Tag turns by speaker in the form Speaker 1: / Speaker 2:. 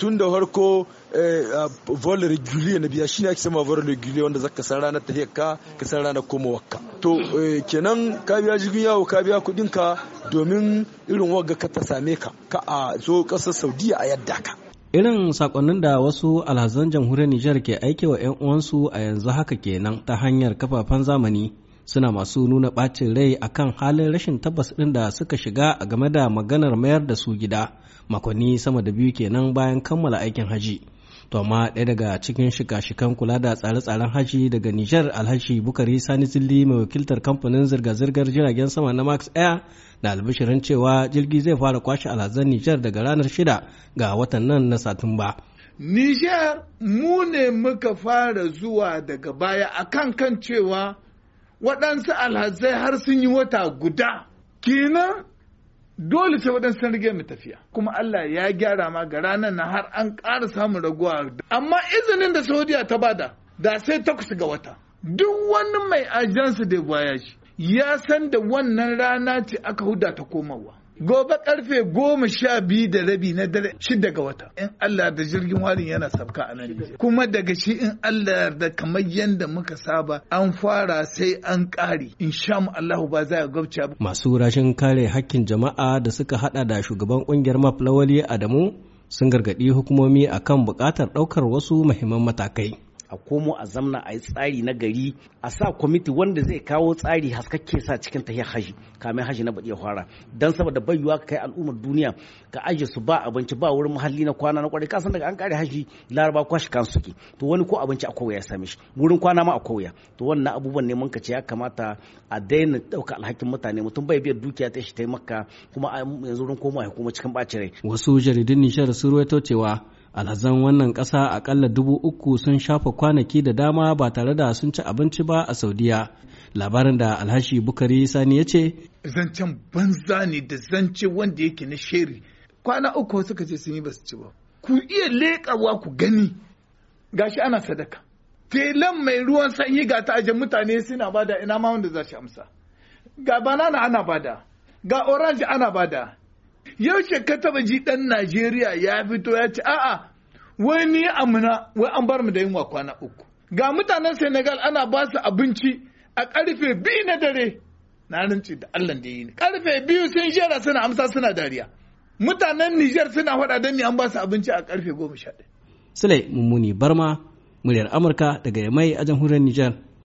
Speaker 1: tun da harko eh, vol regulier na biya shine ake sama vol regulier wanda zaka san ranar tahiyar ka ka san ranar koma wakka to eh, kenan ka biya jirgin yawo ka biya kudin ka domin irin wagga ka ta same ka ka a zo kasar Saudiya a yadda ka
Speaker 2: Irin sakonnin da wasu alhazan jamhuriyar Nijar ke aikewa 'yan uwansu a yanzu haka kenan ta hanyar kafafen zamani suna masu nuna ɓacin rai a kan halin rashin tabbas ɗin da suka shiga a game da maganar mayar da su gida makonni sama da biyu kenan bayan kammala aikin haji. to amma ɗaya daga cikin shika-shikan kula da tsare-tsaren haji daga Nijar alhaji Bukari Sani Zilli mai wakiltar kamfanin zirga-zirgar jiragen sama na Max Air na albishirin cewa jirgi zai fara kwashe alhazan Nijar daga ranar shida ga watan nan na Satumba.
Speaker 1: Nijar mu ne muka fara zuwa daga baya akan kan cewa waɗansu alhazai har sun yi wata guda kenan dole sai waɗansu sun rige mu tafiya kuma Allah ya gyara ma ga ranar na har an ƙara samun raguwa amma izinin da Saudiya ta bada da sai takwas ga wata duk wani mai ajansa da voyage ya san da wannan rana ce aka huda ta komawa gobe karfe goma sha biyu da rabi na dare shida ga wata in Allah da jirgin warin yana sabka a nan kuma daga shi in Allah da kamar yadda muka saba an fara sai an kare in sha mu Allahu ba za a gauce ba
Speaker 2: masu rashin kare hakkin jama'a da suka hada da shugaban kungiyar maflawali Adamu sun gargaɗi hukumomi akan bukatar ɗaukar wasu muhimman matakai
Speaker 3: a komo a zamna a yi tsari na gari a sa kwamiti wanda zai kawo tsari haskakke sa cikin tahiyar haji kamin haji na baɗi ya fara don saboda bayuwa ka kai al'ummar duniya ka aje su ba abinci ba wurin muhalli na kwana na kwarai ka san daga an kare haji laraba kwashi kan suke to wani ko abinci a kowa ya same shi wurin kwana ma a kowa to wannan abubuwan ne mun ka ce ya kamata a daina ɗauka alhakin mutane mutum bai biyar dukiya ta shi ta yi maka kuma yanzu wurin koma ya kuma cikin ɓacin rai
Speaker 2: wasu jaridun nishar su ruwaito cewa alhazan wannan ƙasa akalla dubu uku sun shafa kwanaki da dama ba tare da sun ci abinci ba a saudiya labarin da alhashi bukari sani ya ce
Speaker 1: zancen banza ne da zance wanda yake na sheri kwana uku suka ce sun yi ba su ci ba ku iya leƙawa ku gani gashi ana sadaka telan mai ruwan sanyi ga ta mutane suna bada ina ma wanda za shi amsa ga banana ana bada ga orange ana bada yaushe ka taba ji dan Najeriya ya fito ya ce a'a wai ni amina wai an bar mu da yunwa kwana uku ga mutanen Senegal ana ba su abinci a karfe biyu na dare na rinci da Allah da yi karfe biyu sun jera suna amsa suna dariya mutanen Nijar suna faɗa don an ba su abinci a karfe goma sha ɗaya.
Speaker 2: Sule Mummuni Barma, muryar Amurka daga Yamai a jamhuriyar Nijar.